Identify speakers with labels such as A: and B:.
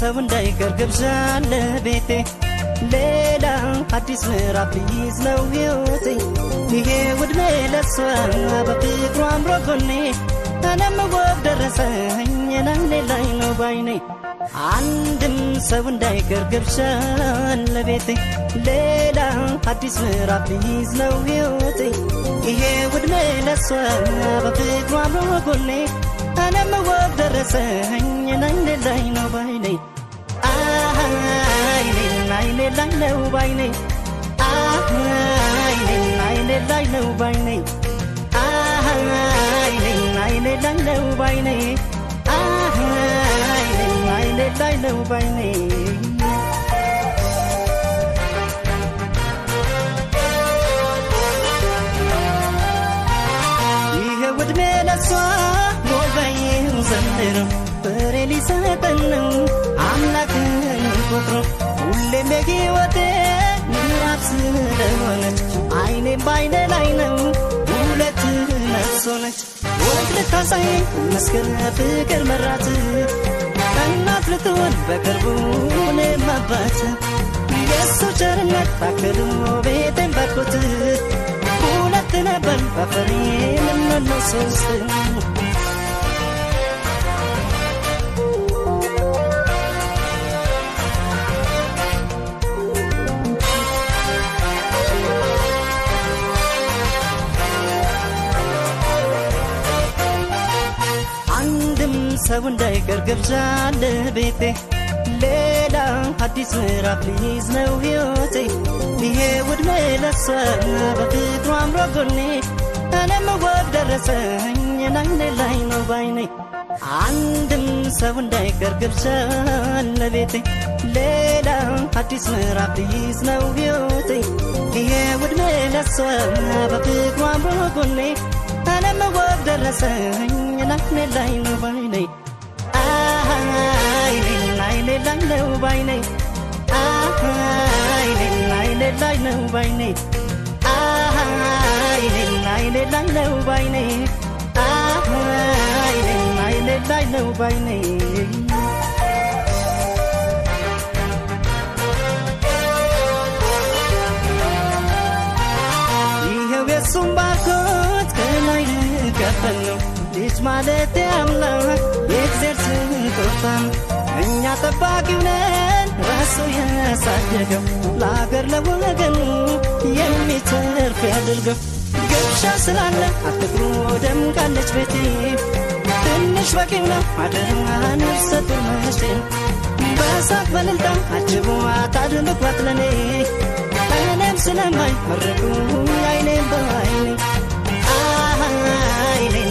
A: ሰው እንዳይቀር ገብዣለ ቤቴ ሌላ አዲስ ምዕራፍ ልይዝ ነው ሕይወቴ ይሄ ውድሜ ለሷ በፍቅሩ አምሮ ጎኔ እኔም ወብ ደረሰኝ የናይኔ ላይ ነው ባይኔ አንድም ሰው እንዳይቀር ገብዣለ ቤቴ ሌላ አዲስ ምዕራፍ ልይዝ ነው ሕይወቴ ይሄ ውድሜ ለሷ በፍቅሩ አምሮ ጎኔ እኔም ወር ደረሰኝ ናይኔ ላይ ነው ባይኔ አይኔ ናይኔ ላይ ነው ባይኔ አይኔ ናይኔ ላይ ነው ባይኔ አይኔ ናይኔ ላይ ነው ባይኔ አይኔ ናይኔ ላይ ነው ባይኔ ይሄ ውድሜ ለሷ የምትቆጥረው ሁሌም የሕይወቴ ምዕራፍ ስለሆነች አይኔ በአይነ ላይ ነው ሁለት ነፍስ ሆነች ወግ ልታሳየኝ መስገን ፍቅር መራት እናት ልትሆን በቅርቡ እኔም አባት የእሱ ቸርነት ታክሎ ቤቴን ባርኮት ሁለት ነበር በፈሬ ምነነው ሶስት ሰው እንዳይቀር ገብዣ ለቤቴ ሌላ አዲስ ምዕራፍ ሊይዝ ነው ሕይወቴ ይሄ ውድሜ ለሷ በፍቅሩ አምሮ ጎኔ እኔም ወግ ደረሰኝ ናይኔ ላይ ነው ባይኔ አንድም ሰው እንዳይቀር ገብዣ ለቤቴ ሌላ አዲስ ምዕራፍ ሊይዝ ነው ሕይወቴ ይሄ ውድሜ ለሷ በፍቅሩ አምሮ ጎኔ እኔም ወግ ደረሰኝ ናይኔ ላይ ነው ባይኔ nêu vai này a hai nên lại nên lại nêu vai này a hai nên lại nên lại nêu vai này a hai nên lại nên lại nêu vai này እሱም ባኮት ከላይ ልቀበል ነው ልጅ ማለት የአምላክ የእግዜር ስጦታ ነው እኛ ጠባቂው ነን ራሱ ያሳደገው ለአገር ለወገን የሚተርፍ ያድርገው። ግብዣ ስላለ አትግሩ ደምቃለች ቤቴ ትንሽ በቂው ነው አደራን ሰጡ መቼ በሳቅ በልልታ አጅቡ አታድምባት ለኔ እኔም ስለማይ መረቁ አይኔ በአይኔ አይኔ